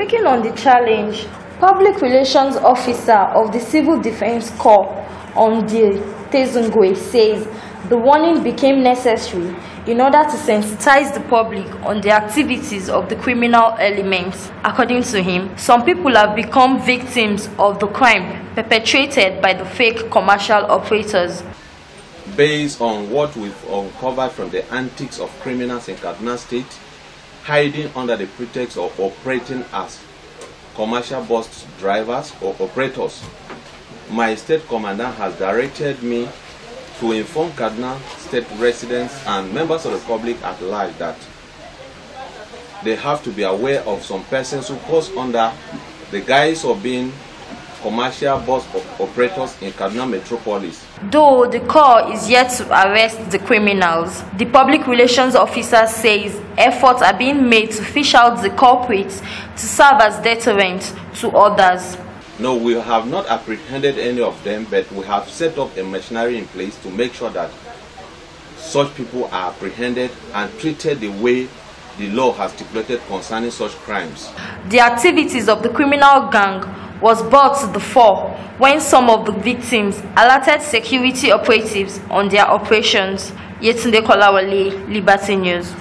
Speaking on the challenge, Public Relations Officer of the Civil Defense Corps on the Tezungwe says the warning became necessary in order to sensitize the public on the activities of the criminal elements. According to him, some people have become victims of the crime perpetrated by the fake commercial operators. Based on what we've uncovered from the antics of criminals in Kaduna State, hiding under the pretext of operating as commercial bus drivers or operators. My state commander has directed me to inform Cardinal state residents and members of the public at large that they have to be aware of some persons who pose under the guise of being commercial bus operators in Kaduna Metropolis. Though the Corps is yet to arrest the criminals, the public relations officer says efforts are being made to fish out the culprits to serve as deterrent to others. No, we have not apprehended any of them, but we have set up a machinery in place to make sure that such people are apprehended and treated the way the law has stipulated concerning such crimes. The activities of the criminal gang was brought to the fore when some of the victims alerted security operatives on their operations. Yetunde Kolawole, Liberty News.